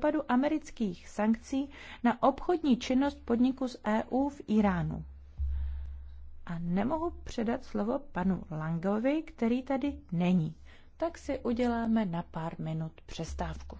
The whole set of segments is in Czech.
dopadu amerických sankcí na obchodní činnost podniku z EU v Iránu. A nemohu předat slovo panu Langovi, který tady není. Tak si uděláme na pár minut přestávku.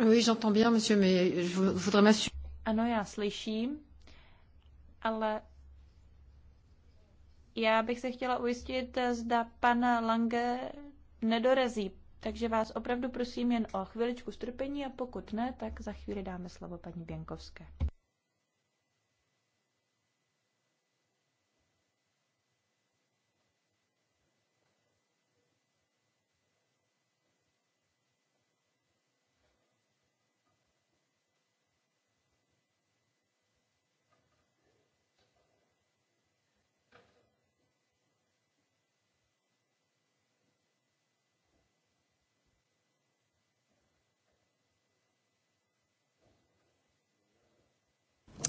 Oui, j'entends bien, monsieur, mais je voudrais m'assurer. Ano, já slyším, ale já bych se chtěla ujistit, zda pan Lange nedorazí. Takže vás opravdu prosím jen o chviličku strpení a pokud ne, tak za chvíli dáme slovo paní Běnkovské.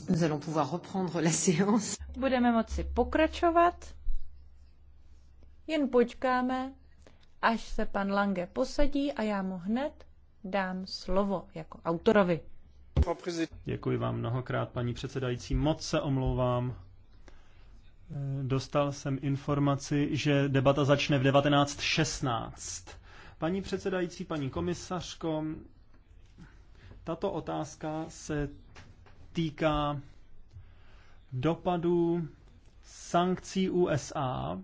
Nous allons pouvoir reprendre la séance. Budeme moci pokračovat. Jen počkáme, až se pan Lange posadí a já mu hned dám slovo jako autorovi. Děkuji vám mnohokrát, paní předsedající. Moc se omlouvám. Dostal jsem informaci, že debata začne v 19.16. Paní předsedající, paní komisařko, tato otázka se týká dopadů sankcí USA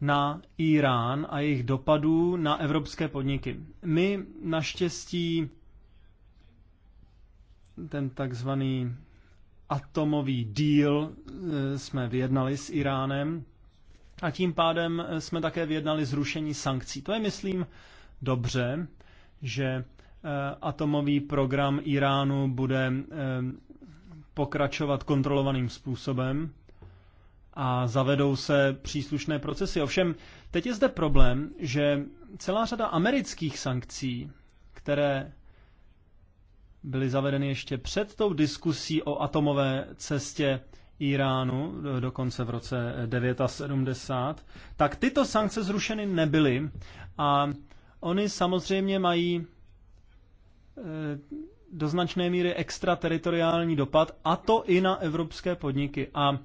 na Irán a jejich dopadů na evropské podniky. My naštěstí ten takzvaný atomový deal eh, jsme vyjednali s Iránem a tím pádem eh, jsme také vyjednali zrušení sankcí. To je, myslím, dobře, že Eh, atomový program Iránu bude eh, pokračovat kontrolovaným způsobem a zavedou se příslušné procesy. Ovšem, teď je zde problém, že celá řada amerických sankcí, které byly zavedeny ještě před tou diskusí o atomové cestě Iránu, eh, dokonce v roce 79, tak tyto sankce zrušeny nebyly a oni samozřejmě mají do značné míry extrateritoriální dopad, a to i na evropské podniky. A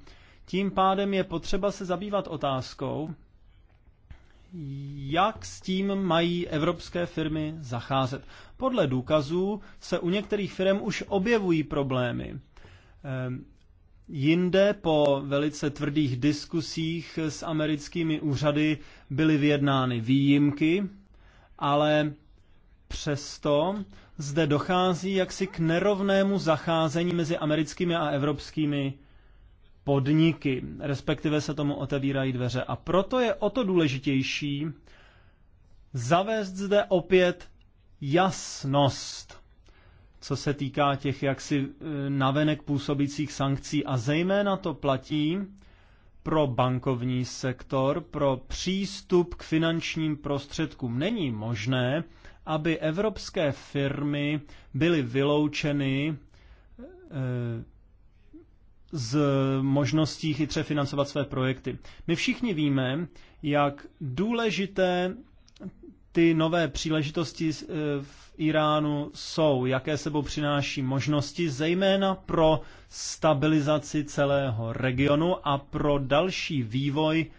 tím pádem je potřeba se zabývat otázkou, jak s tím mají evropské firmy zacházet. Podle důkazů se u některých firm už objevují problémy. Ehm, jinde po velice tvrdých diskusích s americkými úřady byly vyjednány výjimky, ale přesto zde dochází jaksi k nerovnému zacházení mezi americkými a evropskými podniky, respektive se tomu otevírají dveře. A proto je o to důležitější zavést zde opět jasnost, co se týká těch jaksi e, navenek působících sankcí a zejména to platí pro bankovní sektor, pro přístup k finančním prostředkům. Není možné, aby evropské firmy byly vyloučeny eh, z možností chytře financovat své projekty. My všichni víme, jak důležité ty nové příležitosti eh, v Iránu jsou, jaké sebou přináší možnosti, zejména pro stabilizaci celého regionu a pro další vývoj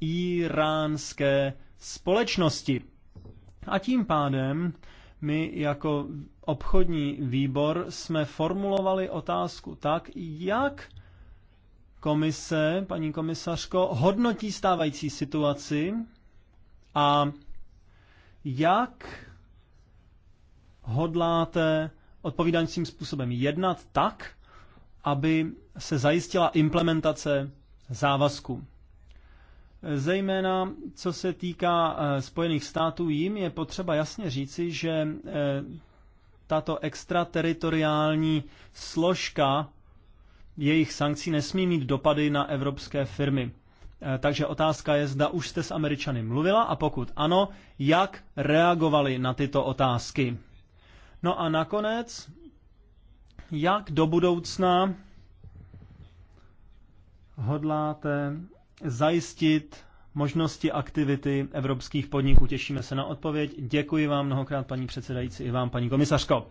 iránské společnosti. A tím pádem my jako obchodní výbor jsme formulovali otázku tak, jak komise, paní komisařko, hodnotí stávající situaci a jak hodláte odpovídajícím způsobem jednat tak, aby se zajistila implementace závazku. Zejména co se týká eh, Spojených států, jim je potřeba jasně říci, že eh, tato extrateritoriální složka jejich sankcí nesmí mít dopady na evropské firmy. Eh, takže otázka je, zda už jste s Američany mluvila a pokud ano, jak reagovali na tyto otázky. No a nakonec, jak do budoucna hodláte zajistit možnosti aktivity evropských podniků. Těšíme se na odpověď. Děkuji vám mnohokrát, paní předsedající, i vám, paní komisařko.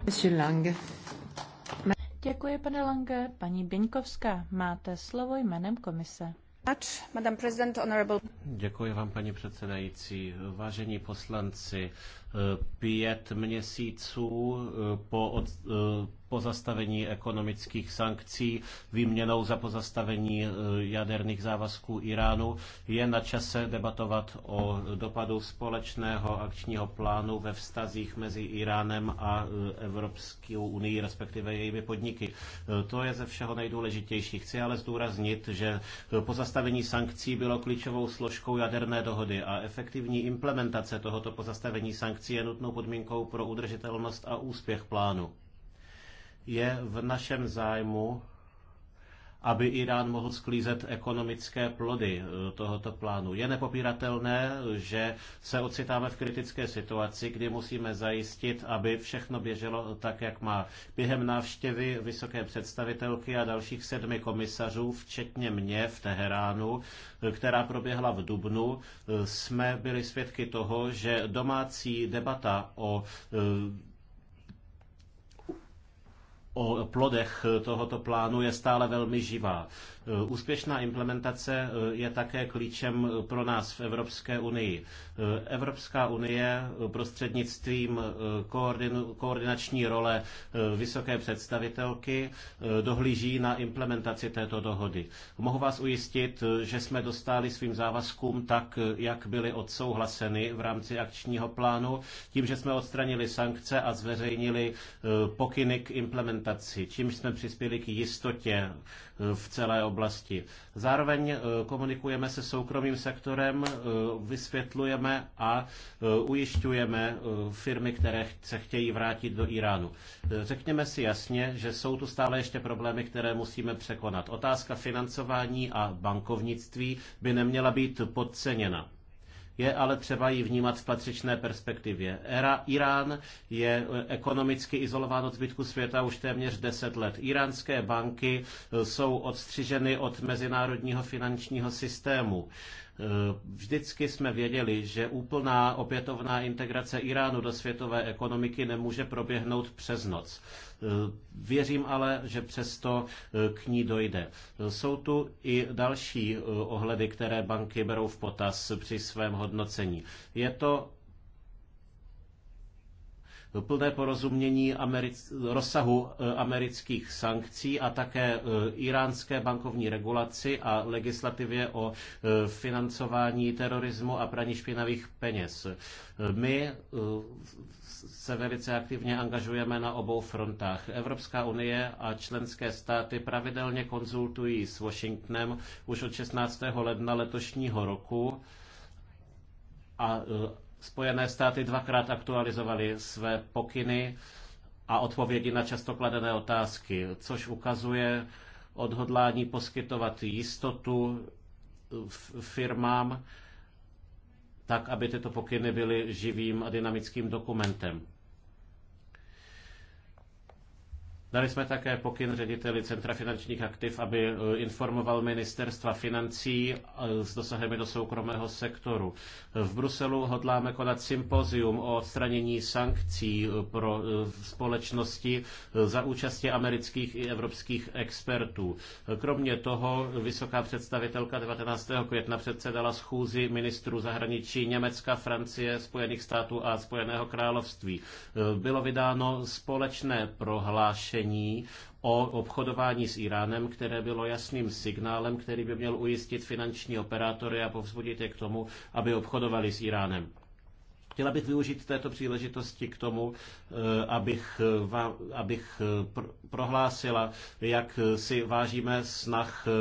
Děkuji, pane Lange. Paní Běňkovská, máte slovo jménem komise. Děkuji vám, paní předsedající. Vážení poslanci, eh, pět měsíců eh, po, od, eh, pozastavení ekonomických sankcí výměnou za pozastavení eh, jaderných závazků Iránu. Je na čase debatovat o dopadu společného akčního plánu ve vztazích mezi Iránem a eh, Evropskou unii, respektive jejími podniky. Eh, to je ze všeho nejdůležitější. Chci ale zdůraznit, že pozastavení sankcí bylo klíčovou složkou jaderné dohody a efektivní implementace tohoto pozastavení sankcí je nutnou podmínkou pro udržitelnost a úspěch plánu. Je v našem zájmu, aby Irán mohl sklízet ekonomické plody eh, tohoto plánu. Je nepopíratelné, že se ocitáme v kritické situaci, kdy musíme zajistit, aby všechno běželo tak, jak má. Během návštěvy vysoké představitelky a dalších sedmi komisařů, včetně mě v Teheránu, eh, která proběhla v Dubnu, eh, jsme byli svědky toho, že domácí debata o o plodech tohoto plánu je stále velmi živá. Úspěšná implementace je také klíčem pro nás v Evropské unii. Evropská unie prostřednictvím koordinační role vysoké představitelky dohlíží na implementaci této dohody. Mohu vás ujistit, že jsme dostali svým závazkům tak, jak byly odsouhlaseny v rámci akčního plánu, tím, že jsme odstranili sankce a zveřejnili pokyny k implementaci implementaci, čímž jsme přispěli k jistotě eh, v celé oblasti. Zároveň eh, komunikujeme se soukromým sektorem, eh, vysvětlujeme a ujišťujeme firmy, které se chtějí vrátit do Iránu. Řekněme si jasně, že jsou tu stále ještě problémy, které musíme překonat. Otázka financování a bankovnictví by neměla být podceněna. Je ale třeba ji vnímat v patřičné perspektivě. Era Irán je eh, ekonomicky izolován od zbytku světa už téměř 10 let. Iránské banky eh, jsou odstřiženy od mezinárodního finančního systému. Eh, vždycky jsme věděli, že úplná opětovná integrace Iránu do světové ekonomiky nemůže proběhnout přes noc. Eh, věřím ale, že přesto eh, k ní dojde. Jsou tu i další ohledy, které banky berou v potaz při svém hodnocení. Je to plné porozumění americ- rozsahu e, amerických sankcí a také e, iránské bankovní regulaci a legislativě o e, financování terorismu a praní špinavých peněz. My se velice aktivně angažujeme na obou frontách. Evropská unie a členské státy pravidelně konzultují s Washingtonem už od 16. ledna letošního roku a Spojené státy dvakrát aktualizovaly své pokyny a odpovědi na často kladené otázky, což ukazuje odhodlání poskytovat jistotu firmám, tak aby tyto pokyny byly živým a dynamickým dokumentem. Dali jsme také pokyn řediteli Centra finančních aktiv, aby e, informoval ministerstva financí e, s dosahem do soukromého sektoru. V Bruselu hodláme konat sympozium o odstranění sankcí e, pro společnosti za účasti amerických i evropských expertů. Kromě toho vysoká představitelka 19. května předsedala schůzi ministrů zahraničí Německa, Francie, Spojených států a Spojeného království. Bylo vydáno společné prohlášení opatření o obchodování s Iránem, které bylo jasným signálem, který by měl ujistit finanční operátory a povzbudit je k tomu, aby obchodovali s Iránem. Chtěla bych využít této příležitosti k tomu, eh, abych, vám, abych eh, prohlásila, jak si vážíme snah eh,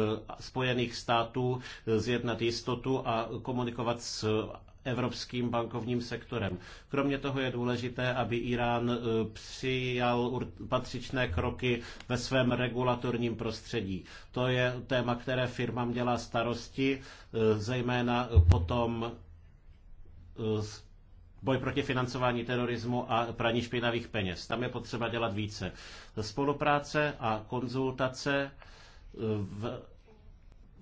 Spojených států zjednat jistotu a komunikovat s evropským bankovním sektorem. Kromě toho je důležité, aby Irán e, přijal patřičné kroky ve svém regulatorním prostředí. To je téma, které firmám dělá starosti, e, zejména potom e, boj proti financování terorismu a praní špinavých peněz. Tam je potřeba dělat více. Spolupráce a konzultace v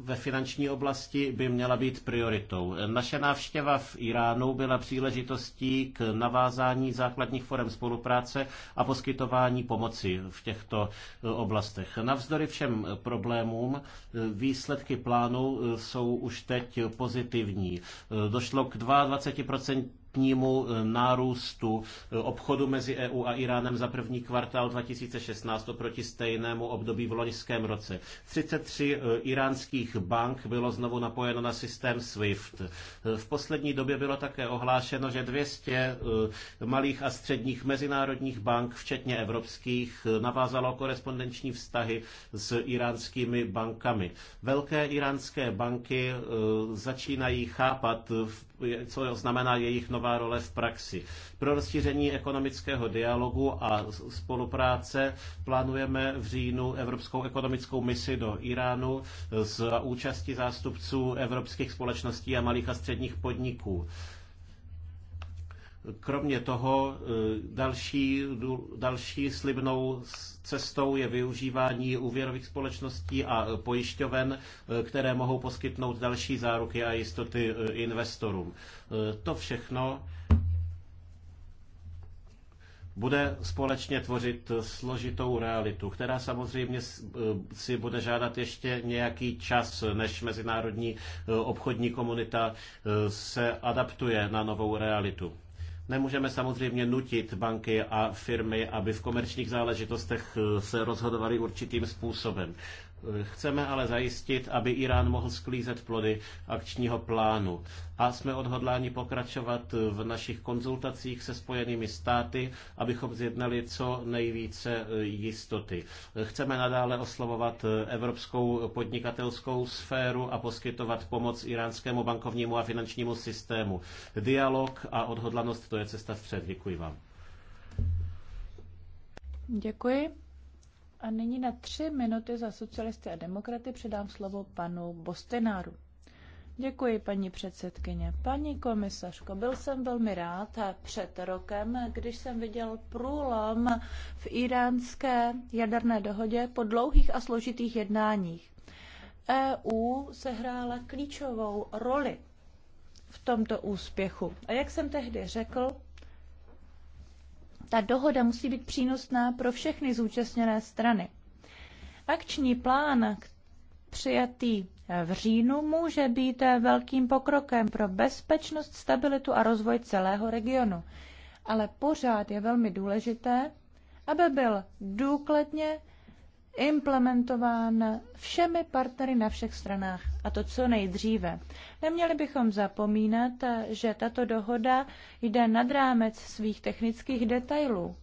ve finanční oblasti by měla být prioritou. Naše návštěva v Iránu byla příležitostí k navázání základních forem spolupráce a poskytování pomoci v těchto eh, oblastech. Navzdory všem problémům eh, výsledky plánu eh, jsou už teď pozitivní. Došlo k 22% razantnímu eh, nárůstu eh, obchodu mezi EU a Iránem za první kvartál 2016 oproti stejnému období v loňském roce. 33 eh, iránských bank bylo znovu napojeno na systém SWIFT. V poslední době bylo také ohlášeno, že 200 malých a středních mezinárodních bank, včetně evropských, navázalo korespondenční vztahy s iránskými bankami. Velké iránské banky začínají chápat co znamená jejich nová role v praxi. Pro rozšíření ekonomického dialogu a spolupráce plánujeme v říjnu Evropskou ekonomickou misi do Iránu s účastí zástupců evropských společností a malých a středních podniků. Kromě toho e, další, další slibnou cestou je využívání úvěrových společností a pojišťoven, e, které mohou poskytnout další záruky a jistoty e, investorům. To všechno bude společně tvořit složitou realitu, která samozřejmě si bude žádat ještě nějaký čas, než mezinárodní obchodní komunita se adaptuje na novou realitu. Nemůžeme samozřejmě nutit banky a firmy, aby v komerčních záležitostech eh, se rozhodovaly určitým způsobem. Chceme ale zajistit, aby Irán mohl sklízet plody akčního plánu. A jsme odhodláni pokračovat v našich konzultacích se spojenými státy, abychom zjednali co nejvíce jistoty. Chceme nadále oslovovat evropskou podnikatelskou sféru a poskytovat pomoc iránskému bankovnímu a finančnímu systému. Dialog a odhodlanost to je cesta vpřed. Děkuji vám. Děkuji. A nyní na tři minuty za socialisty a demokraty předám slovo panu Bostenáru. Děkuji, paní předsedkyně. Paní komisařko, byl jsem velmi rád před rokem, když jsem viděl průlom v iránské jaderné dohodě po dlouhých a složitých jednáních. EU sehrála klíčovou roli v tomto úspěchu. A jak jsem tehdy řekl, ta dohoda musí být přínosná pro všechny zúčastněné strany. Akční plán přijatý v říjnu může být velkým pokrokem pro bezpečnost, stabilitu a rozvoj celého regionu. Ale pořád je velmi důležité, aby byl důkladně implementován všemi partnery na všech stranách, a to co nejdříve. Neměli bychom zapomínat, že tato dohoda jde nad rámec svých technických detailů.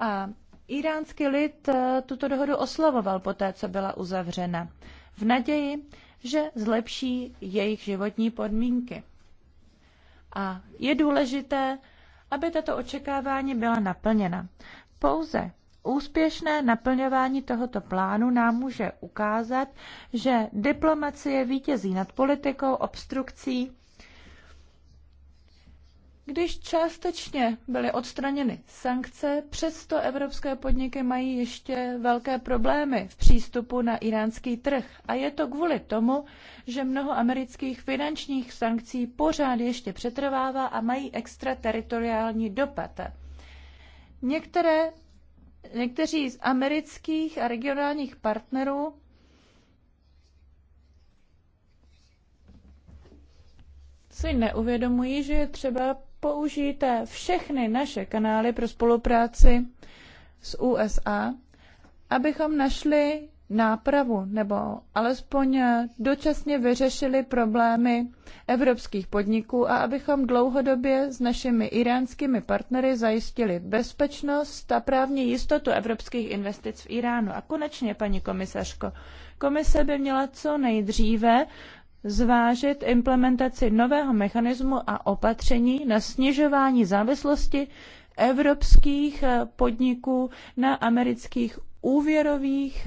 A iránský lid eh, tuto dohodu oslovoval poté, co byla uzavřena, v naději, že zlepší jejich životní podmínky. A je důležité, aby tato očekávání byla naplněna. Pouze Úspěšné naplňování tohoto plánu nám může ukázat, že diplomacie vítězí nad politikou, obstrukcí. Když částečně byly odstraněny sankce, přesto evropské podniky mají ještě velké problémy v přístupu na iránský trh. A je to kvůli tomu, že mnoho amerických finančních sankcí pořád ještě přetrvává a mají extrateritoriální dopad. Některé někteří z amerických a regionálních partnerů si neuvědomují, že je třeba použít všechny naše kanály pro spolupráci s USA, abychom našli nápravu nebo alespoň dočasně vyřešili problémy evropských podniků a abychom dlouhodobě s našimi iránskými partnery zajistili bezpečnost a právní jistotu evropských investic v Iránu. A konečně, paní komisařko, komise by měla co nejdříve zvážit implementaci nového mechanismu a opatření na snižování závislosti evropských podniků na amerických úvěrových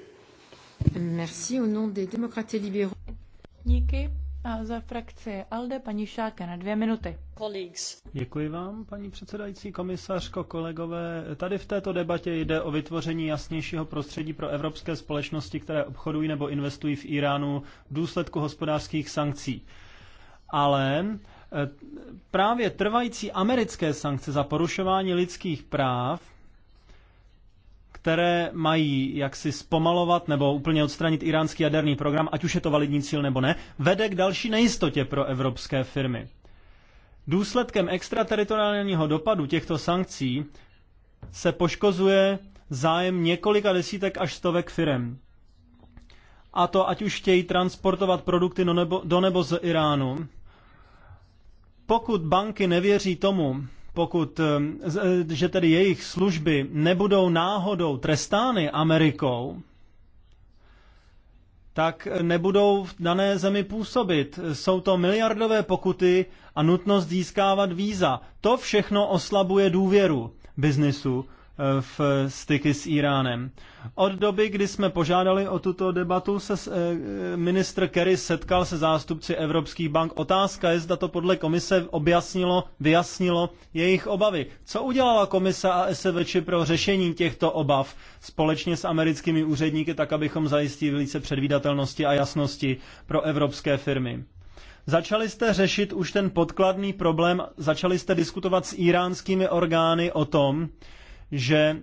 Merci au nom des démocrates libéraux. Díky. A za frakci ALDE paní Šáka na dvě minuty. Colleagues. Děkuji vám, paní předsedající, komisařko, kolegové. Tady v této debatě jde o vytvoření jasnějšího prostředí pro evropské společnosti, které obchodují nebo investují v Iránu v důsledku hospodářských sankcí. Ale e, právě trvající americké sankce za porušování lidských práv které mají jaksi zpomalovat nebo úplně odstranit iránský jaderný program, ať už je to validní cíl nebo ne, vede k další nejistotě pro evropské firmy. Důsledkem extrateritoriálního dopadu těchto sankcí se poškozuje zájem několika desítek až stovek firm. A to ať už chtějí transportovat produkty do nebo, do nebo z Iránu. Pokud banky nevěří tomu, pokud, ehm, e, že tedy jejich služby nebudou náhodou trestány Amerikou, tak nebudou v dané zemi působit. Jsou to miliardové pokuty a nutnost získávat víza. To všechno oslabuje důvěru biznisu Eh, v styky s Iránem. Od doby, kdy jsme požádali o tuto debatu, se eh, ministr Kerry setkal se zástupci evropských bank. Otázka je, zda to podle komise objasnilo, vyjasnilo jejich obavy. Co udělala komise a SVČ pro řešení těchto obav společně s americkými úředníky, tak abychom zajistili více předvídatelnosti a jasnosti pro evropské firmy? Začali jste řešit už ten podkladný problém, začali jste diskutovat s iránskými orgány o tom, že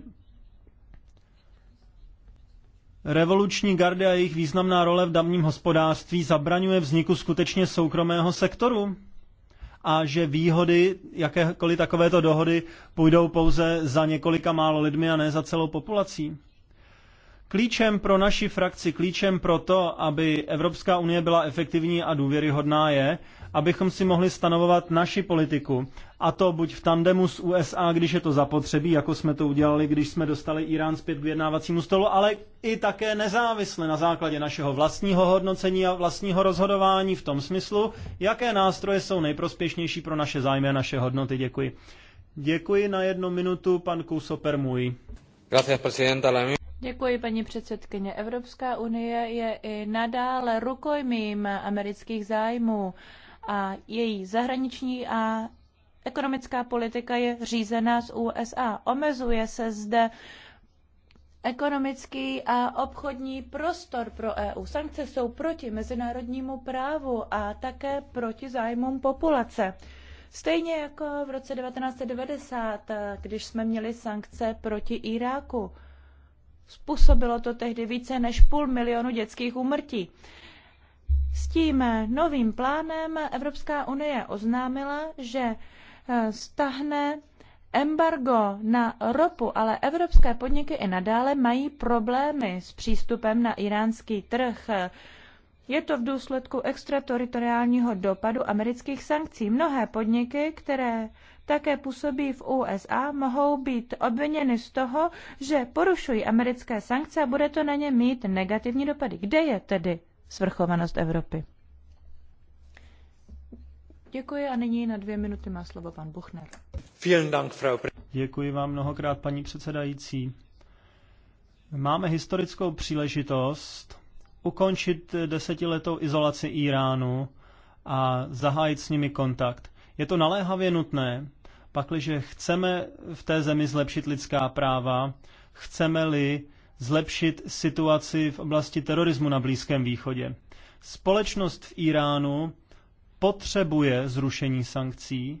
Revoluční gardy a jejich významná role v damním hospodářství zabraňuje vzniku skutečně soukromého sektoru a že výhody jakékoliv takovéto dohody půjdou pouze za několika málo lidmi a ne za celou populací. Klíčem pro naši frakci, klíčem pro to, aby Evropská unie byla efektivní a důvěryhodná je, abychom si mohli stanovovat naši politiku. A to buď v tandemu s USA, když je to zapotřebí, jako jsme to udělali, když jsme dostali Irán zpět k vyjednávacímu stolu, ale i také nezávisle na základě našeho vlastního hodnocení a vlastního rozhodování v tom smyslu, jaké nástroje jsou nejprospěšnější pro naše zájmy a naše hodnoty. Děkuji. Děkuji na jednu minutu, pan Kusoper Můj. Děkuji, paní předsedkyně. Evropská unie je i nadále rukojmím amerických zájmů a její zahraniční a ekonomická politika je řízená z USA. Omezuje se zde ekonomický a obchodní prostor pro EU. Sankce jsou proti mezinárodnímu právu a také proti zájmům populace. Stejně jako v roce 1990, když jsme měli sankce proti Iráku. Způsobilo to tehdy více než půl milionu dětských úmrtí. S tím novým plánem Evropská unie oznámila, že eh, stahne embargo na ropu, ale evropské podniky i nadále mají problémy s přístupem na iránský trh. Je to v důsledku extrateritoriálního dopadu amerických sankcí. Mnohé podniky, které také působí v USA, mohou být obviněny z toho, že porušují americké sankce a bude to na ně mít negativní dopady. Kde je tedy svrchovanost Evropy. Děkuji a nyní na dvě minuty má slovo pan Buchner. Děkuji vám mnohokrát, paní předsedající. Máme historickou příležitost ukončit desetiletou izolaci Iránu a zahájit s nimi kontakt. Je to naléhavě nutné, pakliže chceme v té zemi zlepšit lidská práva, chceme-li zlepšit situaci v oblasti terorismu na Blízkém východě. Společnost v Iránu potřebuje zrušení sankcí,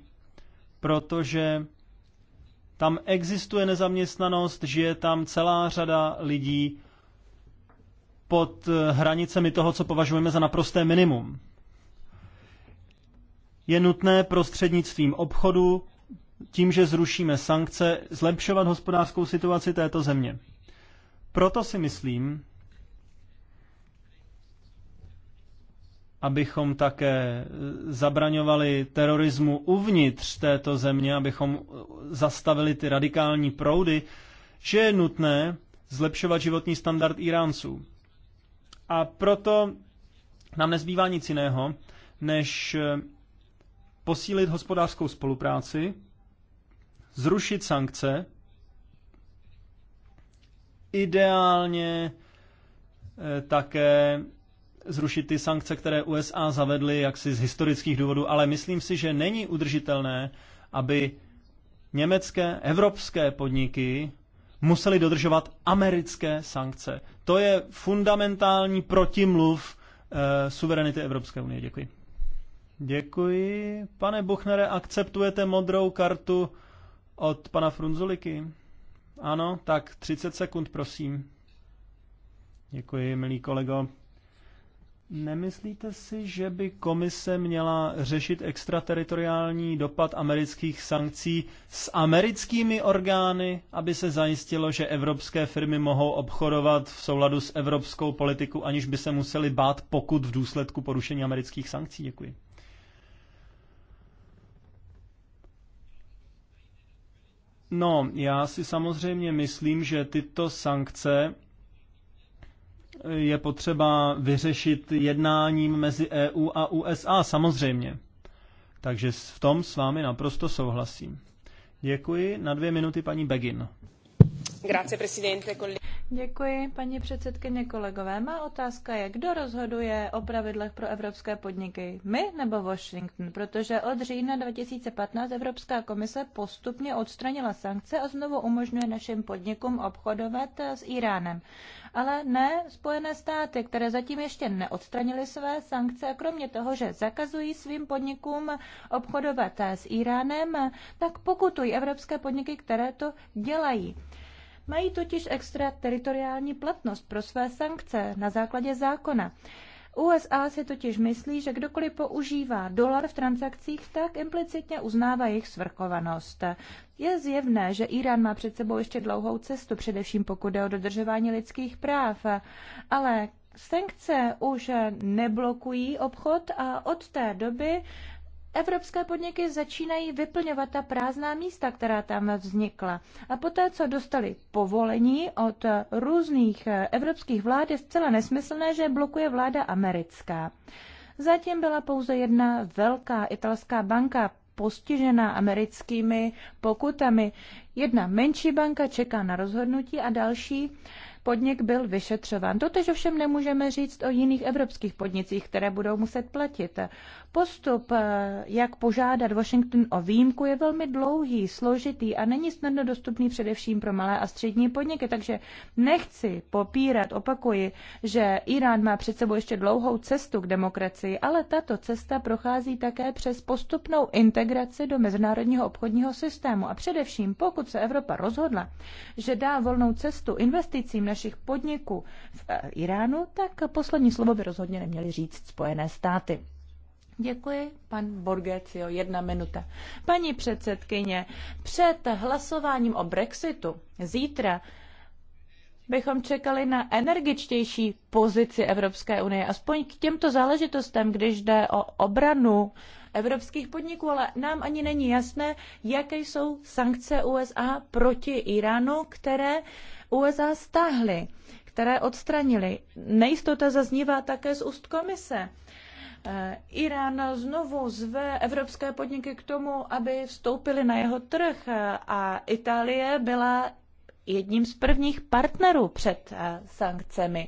protože tam existuje nezaměstnanost, žije tam celá řada lidí pod hranicemi toho, co považujeme za naprosté minimum. Je nutné prostřednictvím obchodu, tím, že zrušíme sankce, zlepšovat hospodářskou situaci této země. Proto si myslím, abychom také eh, zabraňovali terorismu uvnitř této země, abychom eh, zastavili ty radikální proudy, že je nutné zlepšovat životní standard Iránců. A proto nám nezbývá nic jiného, než eh, posílit hospodářskou spolupráci, zrušit sankce ideálně eh, také zrušit ty sankce, které USA zavedly jaksi z historických důvodů, ale myslím si, že není udržitelné, aby německé, evropské podniky museli dodržovat americké sankce. To je fundamentální protimluv e, suverenity Evropské unie. Děkuji. Děkuji. Pane Buchnere, akceptujete modrou kartu od pana Frunzuliky? Ano, tak 30 sekund, prosím. Děkuji, milý kolego. Nemyslíte si, že by komise měla řešit extrateritoriální dopad amerických sankcí s americkými orgány, aby se zajistilo, že evropské firmy mohou obchodovat v souladu s evropskou politikou, aniž by se museli bát pokud v důsledku porušení amerických sankcí? Děkuji. No, já si samozřejmě myslím, že tyto sankce eh, je potřeba vyřešit jednáním mezi EU a USA, samozřejmě. Takže v tom s vámi naprosto souhlasím. Děkuji. Na dvě minuty paní Begin. Grazie, presidente, Děkuji, paní předsedkyně kolegové. Má otázka je, kdo rozhoduje o pravidlech pro evropské podniky? My nebo Washington? Protože od října 2015 Evropská komise postupně odstranila sankce a znovu umožňuje našim podnikům obchodovat eh, s Iránem. Ale ne Spojené státy, které zatím ještě neodstranily své sankce, kromě toho, že zakazují svým podnikům obchodovat eh, s Iránem, eh, tak pokutují evropské podniky, které to dělají. Mají totiž extrateritoriální platnost pro své sankce na základě zákona. USA si totiž myslí, že kdokoliv používá dolar v transakcích, tak implicitně uznává jejich svrchovanost. Je zjevné, že Irán má před sebou ještě dlouhou cestu, především pokud jde o dodržování lidských práv, ale sankce už neblokují obchod a od té doby Evropské podniky začínají vyplňovat ta prázdná místa, která tam vznikla. A poté, co dostali povolení od různých evropských vlád, je zcela nesmyslné, že blokuje vláda americká. Zatím byla pouze jedna velká italská banka postižená americkými pokutami. Jedna menší banka čeká na rozhodnutí a další podnik byl vyšetřován. Totež ovšem nemůžeme říct o jiných evropských podnicích, které budou muset platit. Postup, eh, jak požádat Washington o výjimku, je velmi dlouhý, složitý a není snadno dostupný především pro malé a střední podniky, takže nechci popírat, opakuji, že Irán má před sebou ještě dlouhou cestu k demokracii, ale tato cesta prochází také přes postupnou integraci do mezinárodního obchodního systému a především pokud se Evropa rozhodla, že dá volnou cestu investicím našich podniků v eh, Iránu, tak poslední slovo by rozhodně neměly říct Spojené státy. Děkuji. Pan Borgecio, jedna minuta. Paní předsedkyně, před hlasováním o Brexitu zítra bychom čekali na energičtější pozici Evropské unie, aspoň k těmto záležitostem, když jde o obranu evropských podniků, ale nám ani není jasné, jaké jsou sankce USA proti Iránu, které USA stáhly, které odstranili. Nejistota zaznívá také z úst komise. Eh, Irán znovu zve evropské podniky k tomu, aby vstoupili na jeho trh eh, a Itálie byla jedním z prvních partnerů před eh, sankcemi.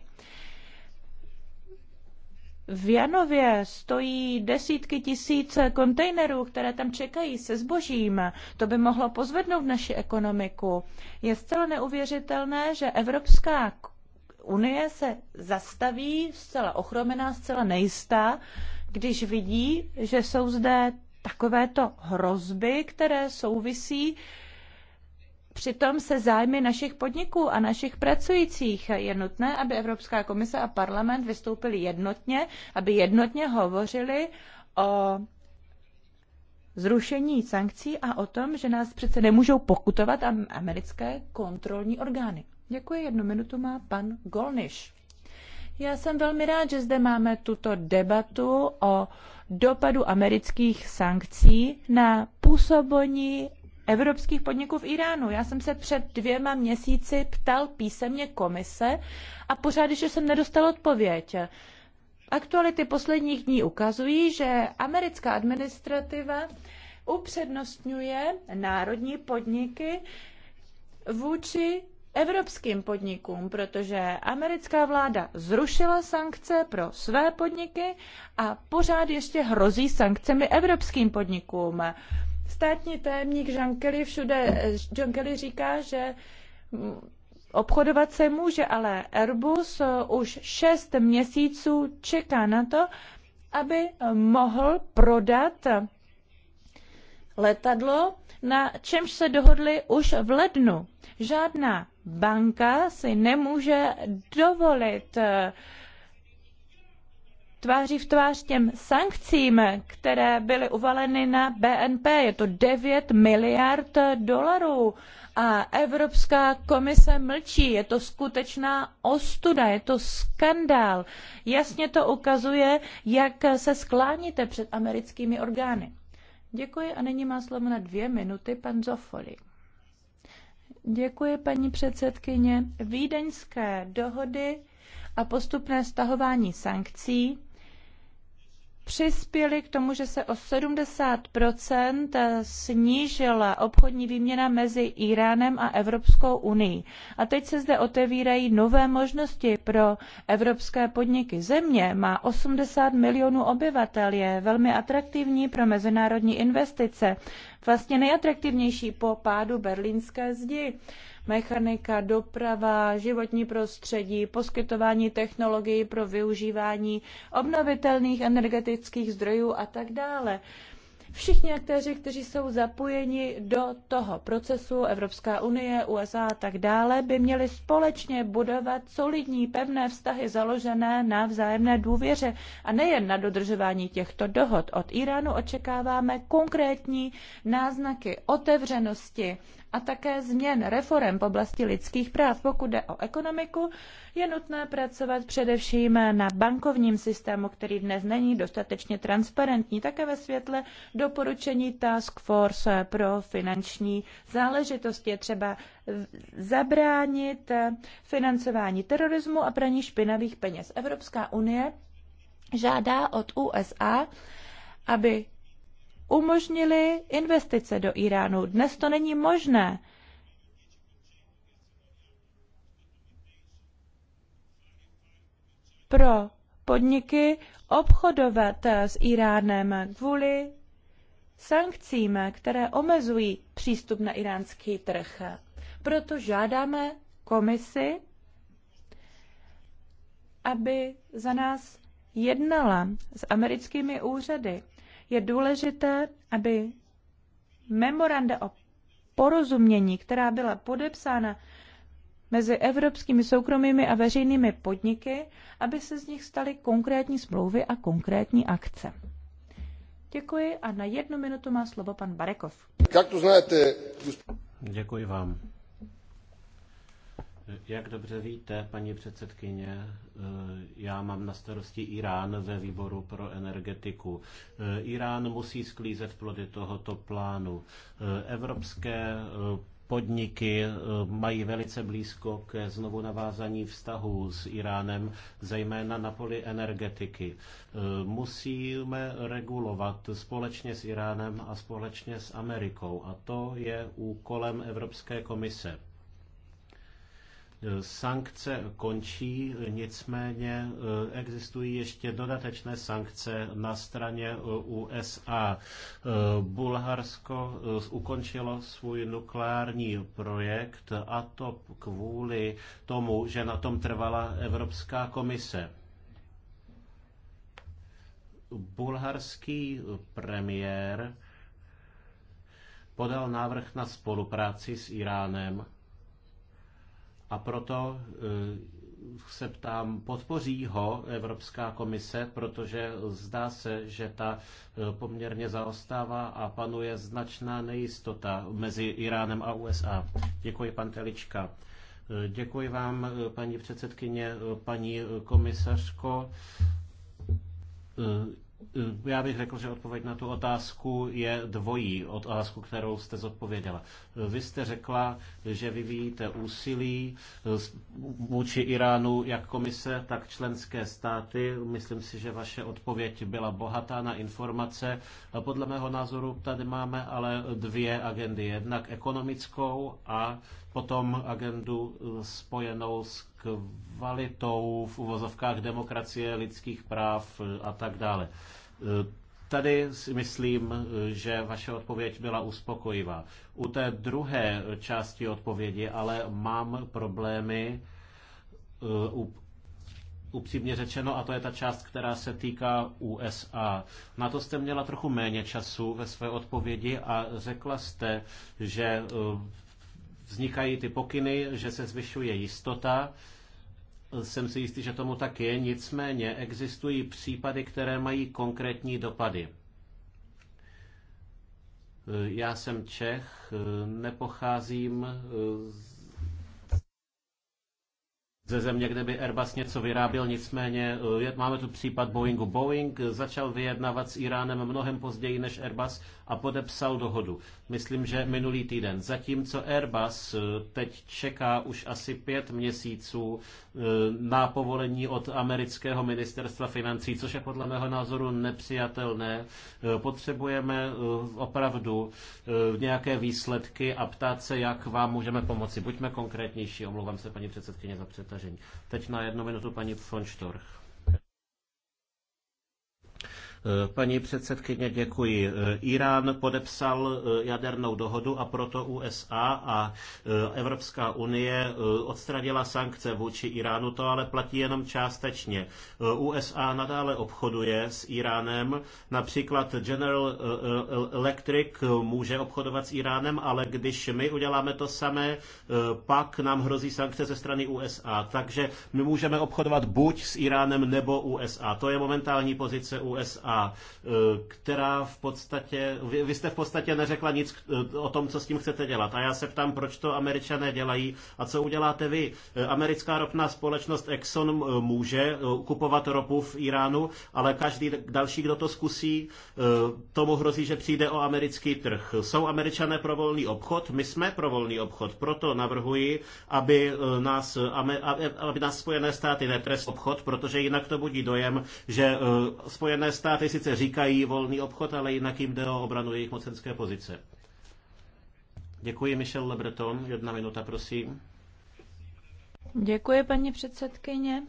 V Janově stojí desítky tisíc kontejnerů, které tam čekají se zbožím. To by mohlo pozvednout naši ekonomiku. Je zcela neuvěřitelné, že Evropská unie se zastaví zcela ochromená, zcela nejistá, když vidí, že jsou zde takovéto hrozby, které souvisí přitom se zájmy našich podniků a našich pracujících. Je nutné, aby Evropská komise a parlament vystoupili jednotně, aby jednotně hovořili o zrušení sankcí a o tom, že nás přece nemůžou pokutovat americké kontrolní orgány. Děkuji, jednu minutu má pan Golniš. Já jsem velmi rád, že zde máme tuto debatu o dopadu amerických sankcí na působení evropských podniků v Iránu. Já jsem se před dvěma měsíci ptal písemně komise a pořád ještě jsem nedostal odpověď. Aktuality posledních dní ukazují, že americká administrativa upřednostňuje národní podniky vůči evropským podnikům, protože americká vláda zrušila sankce pro své podniky a pořád ještě hrozí sankcemi evropským podnikům. Státní tajemník Jean Kelly všude John Kelly říká, že obchodovat se může, ale Airbus už šest měsíců čeká na to, aby mohl prodat letadlo, na čemž se dohodli už v lednu. Žádná banka si nemůže dovolit eh, tváří v tvář těm sankcím, které byly uvaleny na BNP. Je to 9 miliard dolarů a Evropská komise mlčí. Je to skutečná ostuda, je to skandál. Jasně to ukazuje, jak se skláníte před americkými orgány. Děkuji a nyní má slovo na dvě minuty pan Zofoli. Děkuji, paní předsedkyně. Vídeňské dohody a postupné stahování sankcí přispěly k tomu, že se o 70 snížila obchodní výměna mezi Iránem a Evropskou unii. A teď se zde otevírají nové možnosti pro evropské podniky. Země má 80 milionů obyvatel, je velmi atraktivní pro mezinárodní investice, vlastně nejatraktivnější po pádu berlínské zdi mechanika, doprava, životní prostředí, poskytování technologií pro využívání obnovitelných energetických zdrojů a tak dále. Všichni aktéři, kteří jsou zapojeni do toho procesu, Evropská unie, USA a tak dále, by měli společně budovat solidní, pevné vztahy založené na vzájemné důvěře a nejen na dodržování těchto dohod. Od Iránu očekáváme konkrétní náznaky otevřenosti a také změn reform v oblasti lidských práv. Pokud jde o ekonomiku, je nutné pracovat především na bankovním systému, který dnes není dostatečně transparentní, také ve světle doporučení Task Force pro finanční záležitosti. Je třeba zabránit financování terorismu a praní špinavých peněz. Evropská unie žádá od USA, aby umožnili investice do Iránu. Dnes to není možné. Pro podniky obchodovat s Iránem kvůli sankcím, které omezují přístup na iránský trh. Proto žádáme komisi, aby za nás jednala s americkými úřady, je důležité, aby memoranda o porozumění, která byla podepsána mezi evropskými soukromými a veřejnými podniky, aby se z nich staly konkrétní smlouvy a konkrétní akce. Děkuji a na jednu minutu má slovo pan Barekov. Jak to znáte? Děkuji vám. Jak dobře víte, paní předsedkyně, eh, já mám na starosti Irán ve výboru pro energetiku. Eh, Irán musí sklízet plody tohoto plánu. Eh, evropské podniky mají velice blízko ke znovu navázaní vztahů s Iránem, zejména na poli energetiky. Musíme regulovat společně s Iránem a společně s Amerikou a to je úkolem Evropské komise. Sankce končí, nicméně e, existují ještě dodatečné sankce na straně e, USA. E, Bulharsko ukončilo svůj nukleární projekt a to kvůli tomu, že na tom trvala Evropská komise. Bulharský premiér podal návrh na spolupráci s Iránem a proto eh, se ptám, podpoří ho Evropská komise, protože zdá se, že ta eh, poměrně zaostává a panuje značná nejistota mezi Iránem a USA. Děkuji, pan Telička. Eh, děkuji vám, paní předsedkyně, paní komisařko. Eh, já bych řekl, že odpověď na tu otázku je dvojí otázku, kterou jste zodpověděla. Eh, vy jste řekla, že vyvíjíte úsilí eh, vůči Iránu jak komise, tak členské státy. Myslím si, že vaše odpověď byla bohatá na informace. Podle mého názoru tady máme ale dvě agendy. Jednak ekonomickou a potom agendu eh, spojenou s kvalitou v uvozovkách demokracie, lidských práv eh, a tak dále. Eh, tady si myslím, že vaše odpověď byla uspokojivá. U té druhé části odpovědi ale mám problémy u upřímně řečeno, a to je ta část, která se týká USA. Na to jste měla trochu méně času ve své odpovědi a řekla jste, že vznikají ty pokyny, že se zvyšuje jistota. Jsem si jistý, že tomu tak je, nicméně existují případy, které mají konkrétní dopady. Já jsem Čech, nepocházím ze země, kde by Airbus něco vyráběl, nicméně eh, máme tu případ Boeingu. Boeing začal vyjednávat s Iránem mnohem později než Airbus a podepsal dohodu. Myslím, že minulý týden. Zatímco Airbus eh, teď čeká už asi pět měsíců eh, na povolení od amerického ministerstva financí, což je podle mého názoru nepřijatelné. Potřebujeme opravdu nějaké výsledky a ptát se, jak vám můžeme pomoci. Buďme konkrétnější. Omlouvám se, paní předsedkyně, za přetaž hospodaření. Teď na jednu minutu paní von Storch. Eh, paní předsedkyně, děkuji. Eh, Irán podepsal eh, jadernou dohodu a proto USA a Evropská unie odstranila sankce vůči Iránu. To ale platí jenom částečně. USA nadále obchoduje s Iránem. Například General Electric může obchodovat s Iránem, ale když my uděláme to samé, pak nám hrozí sankce ze strany USA. Takže my můžeme obchodovat buď s Iránem nebo USA. To je momentální pozice USA a e, která v podstatě, vy, vy jste v podstatě neřekla nic e, o tom, co s tím chcete dělat. A já se ptám, proč to američané dělají a co uděláte vy. E, americká ropná společnost Exxon může kupovat ropu v Iránu, ale každý další, kdo to zkusí, tomu hrozí, že přijde o americký trh. Jsou američané pro volný obchod? My jsme pro volný obchod. Proto navrhuji, aby nás, aby nás Spojené státy netrest obchod, protože jinak to budí dojem, že Spojené státy státy sice říkají volný obchod, ale jinak jim jde o obranu jejich mocenské pozice. Děkuji, Michel Lebreton. Jedna minuta, prosím. Děkuji, paní předsedkyně.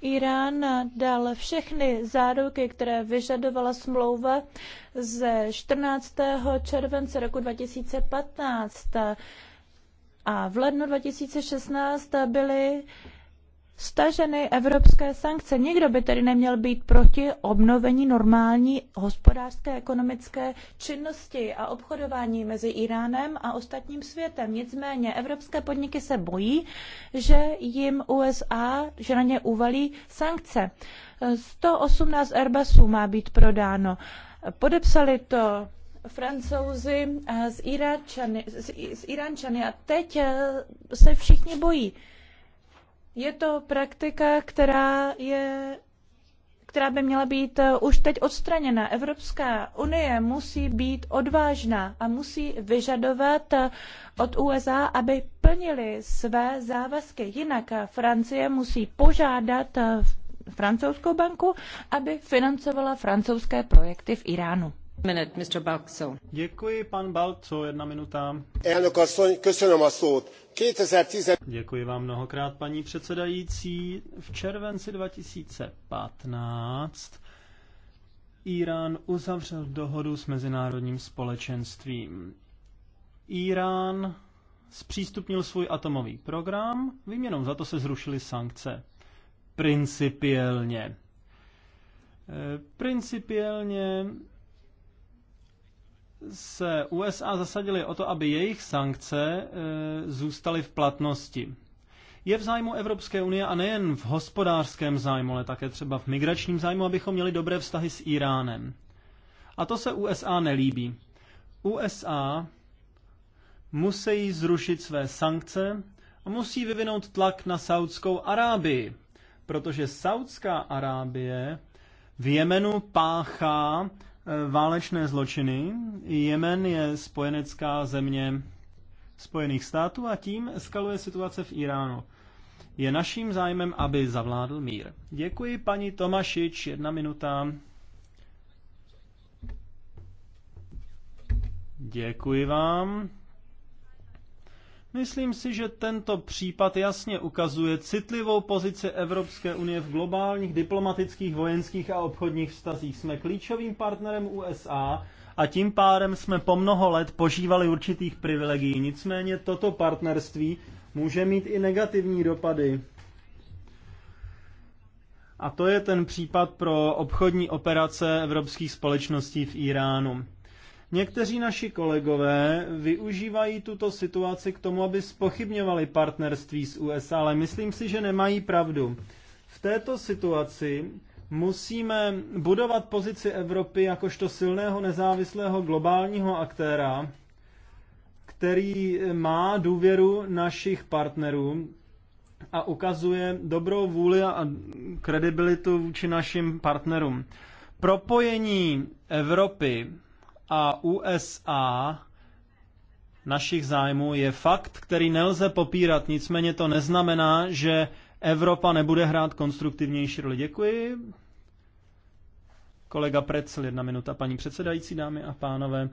Irán dal všechny záruky, které vyžadovala smlouva ze 14. července roku 2015 a v lednu 2016 byly staženy evropské sankce. Nikdo by tedy neměl být proti obnovení normální hospodářské, ekonomické činnosti a obchodování mezi Iránem a ostatním světem. Nicméně evropské podniky se bojí, že jim USA, že na ně uvalí sankce. 118 Airbusů má být prodáno. Podepsali to francouzi s eh, Iráčany, Iránčany a teď eh, se všichni bojí. Je to praktika, která je která by měla být eh, už teď odstraněna. Evropská unie musí být odvážná a musí vyžadovat eh, od USA, aby plnili své závazky. Jinak eh, Francie musí požádat francouzskou banku, aby financovala francouzské projekty v Iránu. Minute, Mr. Balco. Děkuji, pan Balco, jedna minuta. Elnök asszony, köszönöm a szót. 2010... Děkuji vám mnohokrát, paní předsedající. V červenci 2015 Irán uzavřel dohodu s mezinárodním společenstvím. Irán zpřístupnil svůj atomový program, výměnou za to se zrušily sankce. Principiálně. E, principiálně se USA zasadili o to, aby jejich sankce e, zůstaly v platnosti. Je v zájmu Evropské unie a nejen v hospodářském zájmu, ale také třeba v migračním zájmu, abychom měli dobré vztahy s Iránem. A to se USA nelíbí. USA musí zrušit své sankce a musí vyvinout tlak na Saudskou Arábii, protože Saudská Arábie v Jemenu páchá Eh, válečné zločiny. Jemen je spojenecká země Spojených států a tím eskaluje situace v Iránu. Je naším zájmem, aby zavládl mír. Děkuji paní Tomašič, jedna minuta. Děkuji vám. Myslím si, že tento případ jasně ukazuje citlivou pozici Evropské unie v globálních diplomatických, vojenských a obchodních vztazích. Jsme klíčovým partnerem USA a tím pádem jsme po mnoho let požívali určitých privilegií. Nicméně toto partnerství může mít i negativní dopady. A to je ten případ pro obchodní operace evropských společností v Iránu. Někteří naši kolegové využívají tuto situaci k tomu, aby spochybňovali partnerství s USA, ale myslím si, že nemají pravdu. V této situaci musíme budovat pozici Evropy jakožto silného nezávislého globálního aktéra, který má důvěru našich partnerů a ukazuje dobrou vůli a kredibilitu vůči našim partnerům. Propojení Evropy a USA našich zájmů je fakt, který nelze popírat. Nicméně to neznamená, že Evropa nebude hrát konstruktivnější roli. Děkuji. Kolega Precel, jedna minuta. Paní předsedající, dámy a pánové,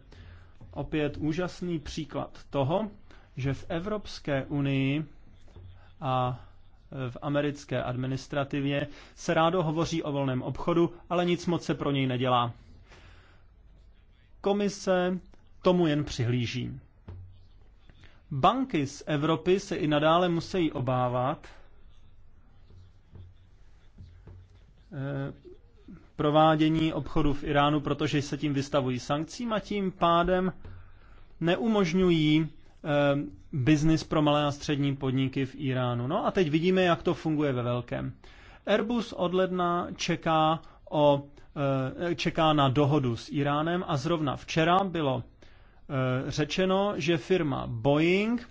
opět úžasný příklad toho, že v Evropské unii a v americké administrativě se rádo hovoří o volném obchodu, ale nic moc se pro něj nedělá. Komise tomu jen přihlíží. Banky z Evropy se i nadále musí obávat eh, provádění obchodu v Iránu, protože se tím vystavují sankcím a tím pádem neumožňují eh, biznis pro malé a střední podniky v Iránu. No a teď vidíme, jak to funguje ve velkém. Airbus od ledna čeká o Eh, čeká na dohodu s Iránem a zrovna včera bylo eh, řečeno, že firma Boeing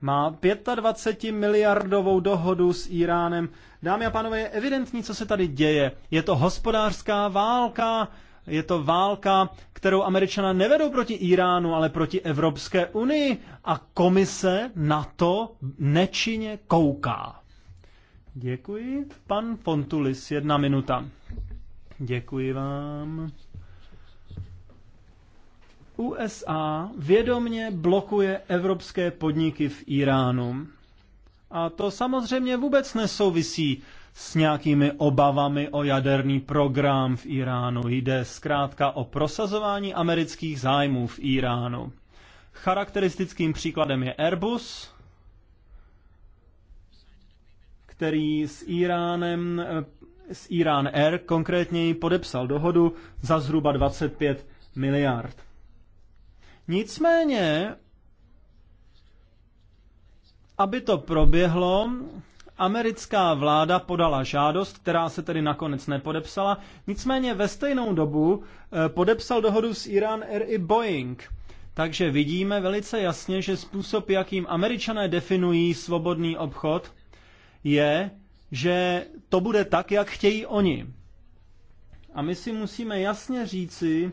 má 25 miliardovou dohodu s Iránem. Dámy a pánové, je evidentní, co se tady děje. Je to hospodářská válka, je to válka, kterou američana nevedou proti Iránu, ale proti Evropské unii a komise na to nečině kouká. Děkuji. Pan Fontulis, jedna minuta. Děkuji vám. USA vědomně blokuje evropské podniky v Iránu. A to samozřejmě vůbec nesouvisí s nějakými obavami o jaderný program v Iránu. Jde zkrátka o prosazování amerických zájmů v Iránu. Charakteristickým příkladem je Airbus, který s Iránem s Iran Air konkrétněji podepsal dohodu za zhruba 25 miliard. Nicméně, aby to proběhlo, americká vláda podala žádost, která se tedy nakonec nepodepsala. Nicméně ve stejnou dobu eh, podepsal dohodu s Iran Air i Boeing. Takže vidíme velice jasně, že způsob, jakým američané definují svobodný obchod, je, že to bude tak, jak chtějí oni. A my si musíme jasně říci,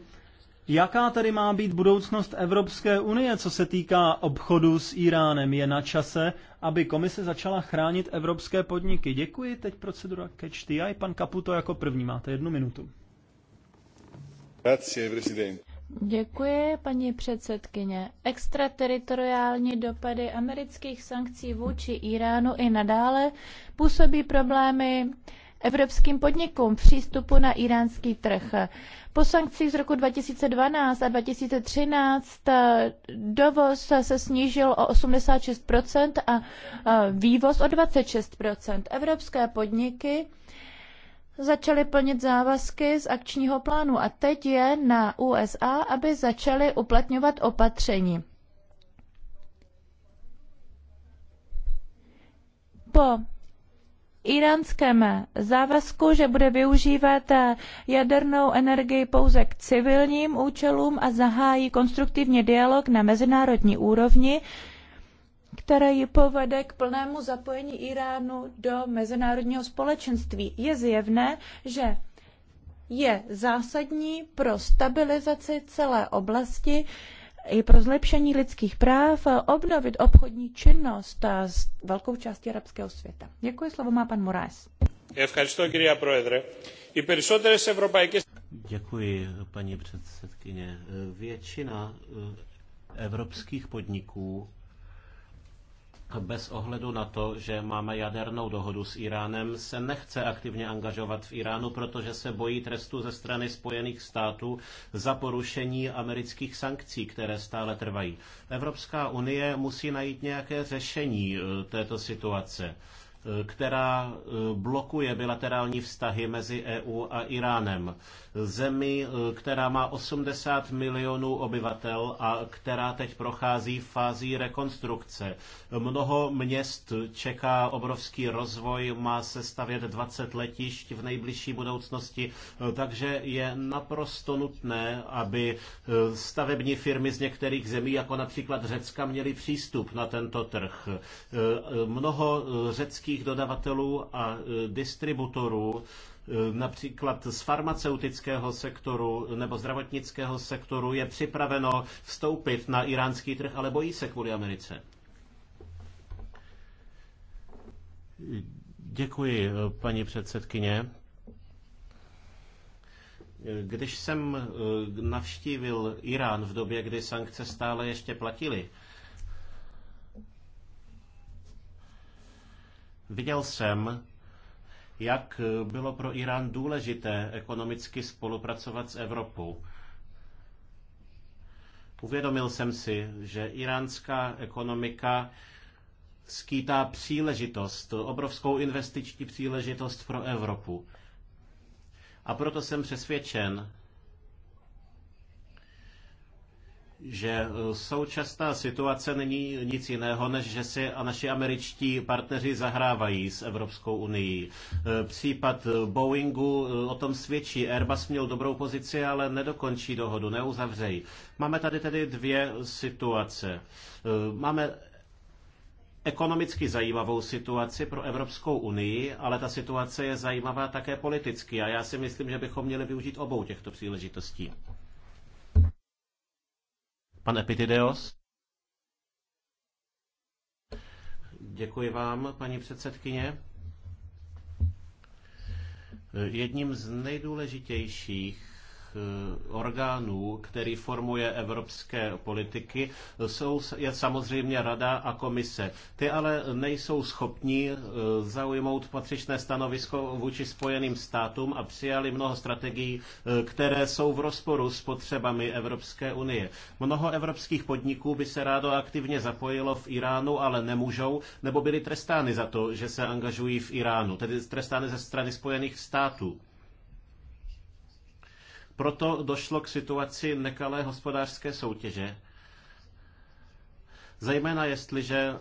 jaká tady má být budoucnost Evropské unie, co se týká obchodu s Iránem. Je na čase, aby komise začala chránit evropské podniky. Děkuji, teď procedura catch the eye. Pan Kaputo jako první, máte jednu minutu. Grazie, presidente. Děkuji, paní předsedkyně. Extrateritoriální dopady amerických sankcí vůči Iránu i nadále působí problémy evropským podnikům přístupu na iránský trh. Po sankcích z roku 2012 a 2013 eh, dovoz se snížil o 86 a eh, vývoz o 26 Evropské podniky začaly plnit závazky z akčního plánu a teď je na USA, aby začaly uplatňovat opatření. Po iránském závazku, že bude využívat jadernou energii pouze k civilním účelům a zahájí konstruktivní dialog na mezinárodní úrovni, které ji povede k plnému zapojení Iránu do mezinárodního společenství. Je zjevné, že je zásadní pro stabilizaci celé oblasti i pro zlepšení lidských práv obnovit obchodní činnost s velkou částí arabského světa. Děkuji, slovo má pan Moraes. Děkuji, paní předsedkyně. Většina eh, evropských podniků bez ohledu na to, že máme jadernou dohodu s Iránem, se nechce aktivně angažovat v Iránu, protože se bojí trestu ze strany Spojených států za porušení amerických sankcí, které stále trvají. Evropská unie musí najít nějaké řešení eh, této situace. Eh, která eh, blokuje bilaterální vztahy mezi EU a Iránem. Zemi, eh, která má 80 milionů obyvatel a která teď prochází fází rekonstrukce. Mnoho měst čeká obrovský rozvoj, má se stavět 20 letišť v nejbližší budoucnosti, takže je naprosto nutné, aby stavební firmy z některých zemí, jako například Řecka, měly přístup na tento trh. Mnoho řeckých velkých dodavatelů a e, distributorů, e, například z farmaceutického sektoru nebo zdravotnického sektoru je připraveno vstoupit na iránský trh, ale bojí se kvůli Americe. Děkuji, e, paní předsedkyně. Když jsem navštívil Irán v době, kdy sankce stále ještě platily, Viděl jsem, jak bylo pro Irán důležité ekonomicky spolupracovat s Evropou. Uvědomil jsem si, že iránská ekonomika skýtá příležitost, obrovskou investiční příležitost pro Evropu. A proto jsem přesvědčen, že e, současná situace není nic jiného, než že si a naši američtí partneři zahrávají s Evropskou unii. E, případ e, Boeingu o tom svědčí. Airbus měl dobrou pozici, ale nedokončí dohodu, neuzavřejí. Máme tady tedy dvě situace. Máme ekonomicky zajímavou situaci pro Evropskou unii, ale ta situace je zajímavá také politicky a já si myslím, že bychom měli využít obou těchto příležitostí. Pan Epitideos? Děkuji vám, paní předsedkyně. Jedním z nejdůležitějších Eh, orgánů, který formuje evropské politiky, jsou, je samozřejmě Rada a Komise. Ty ale nejsou schopni eh, zaujmout patřičné stanovisko vůči Spojeným státům a přijali mnoho strategií, eh, které jsou v rozporu s potřebami Evropské unie. Mnoho evropských podniků by se rádo aktivně zapojilo v Iránu, ale nemůžou, nebo byly trestány za to, že se angažují v Iránu, tedy trestány ze strany Spojených států. Proto došlo k situaci nekalé hospodářské soutěže, zejména jestliže e,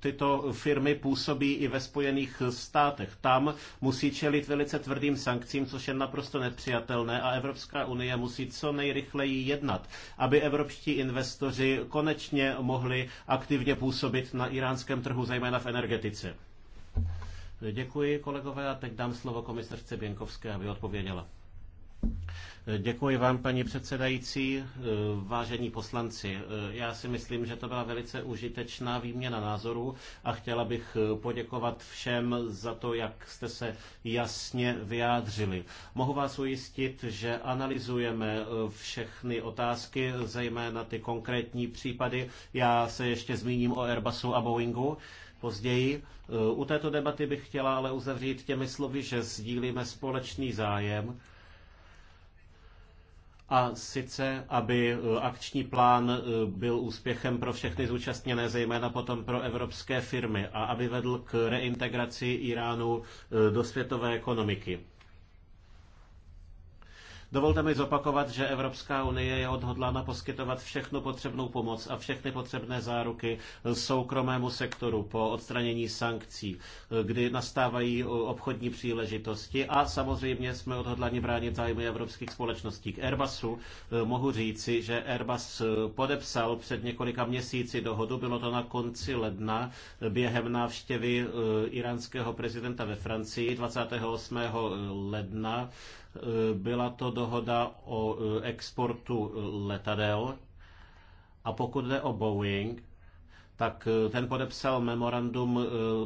tyto firmy působí i ve Spojených státech. Tam musí čelit velice tvrdým sankcím, což je naprosto nepřijatelné a Evropská unie musí co nejrychleji jednat, aby evropští investoři konečně mohli aktivně působit na iránském trhu, zejména v energetice. Děkuji kolegové a teď dám slovo komisařce Běnkovské, aby odpověděla. Děkuji vám, paní předsedající. Vážení poslanci, já si myslím, že to byla velice užitečná výměna názorů a chtěla bych poděkovat všem za to, jak jste se jasně vyjádřili. Mohu vás ujistit, že analyzujeme všechny otázky, zejména ty konkrétní případy. Já se ještě zmíním o Airbusu a Boeingu později. U této debaty bych chtěla ale uzavřít těmi slovy, že sdílíme společný zájem a sice, aby eh, akční plán eh, byl úspěchem pro všechny zúčastněné, zejména potom pro evropské firmy a aby vedl k reintegraci Iránu eh, do světové ekonomiky. Dovolte mi zopakovat, že Evropská unie je odhodlána poskytovat všechnu potřebnou pomoc a všechny potřebné záruky soukromému sektoru po odstranění sankcí, kdy nastávají obchodní příležitosti a samozřejmě jsme odhodláni bránit zájmy evropských společností. K Airbusu eh, mohu říci, že Airbus eh, podepsal před několika měsíci dohodu, bylo to na konci ledna eh, během návštěvy iránského prezidenta ve Francii 28. ledna byla to dohoda o e, exportu e, letadel a pokud jde o Boeing, tak e, ten podepsal memorandum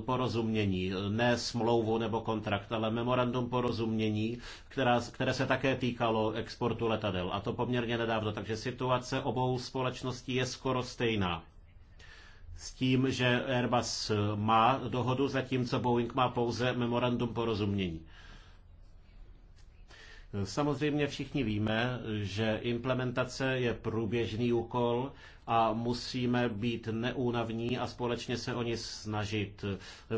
porozumění, ne smlouvu nebo kontrakt, ale memorandum porozumění, která, které se také týkalo exportu letadel. A to poměrně nedávno, takže situace obou společností je skoro stejná. S tím, že Airbus má dohodu, zatímco Boeing má pouze memorandum porozumění. Samozřejmě všichni víme, že implementace je průběžný úkol a musíme být neúnavní a společně se o ní snažit.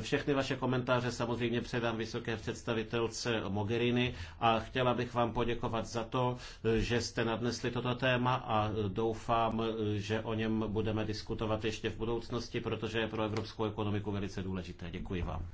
Všechny vaše komentáře samozřejmě předám vysoké představitelce Mogherini a chtěla bych vám poděkovat za to, že jste nadnesli toto téma a doufám, že o něm budeme diskutovat ještě v budoucnosti, protože je pro evropskou ekonomiku velice důležité. Děkuji vám.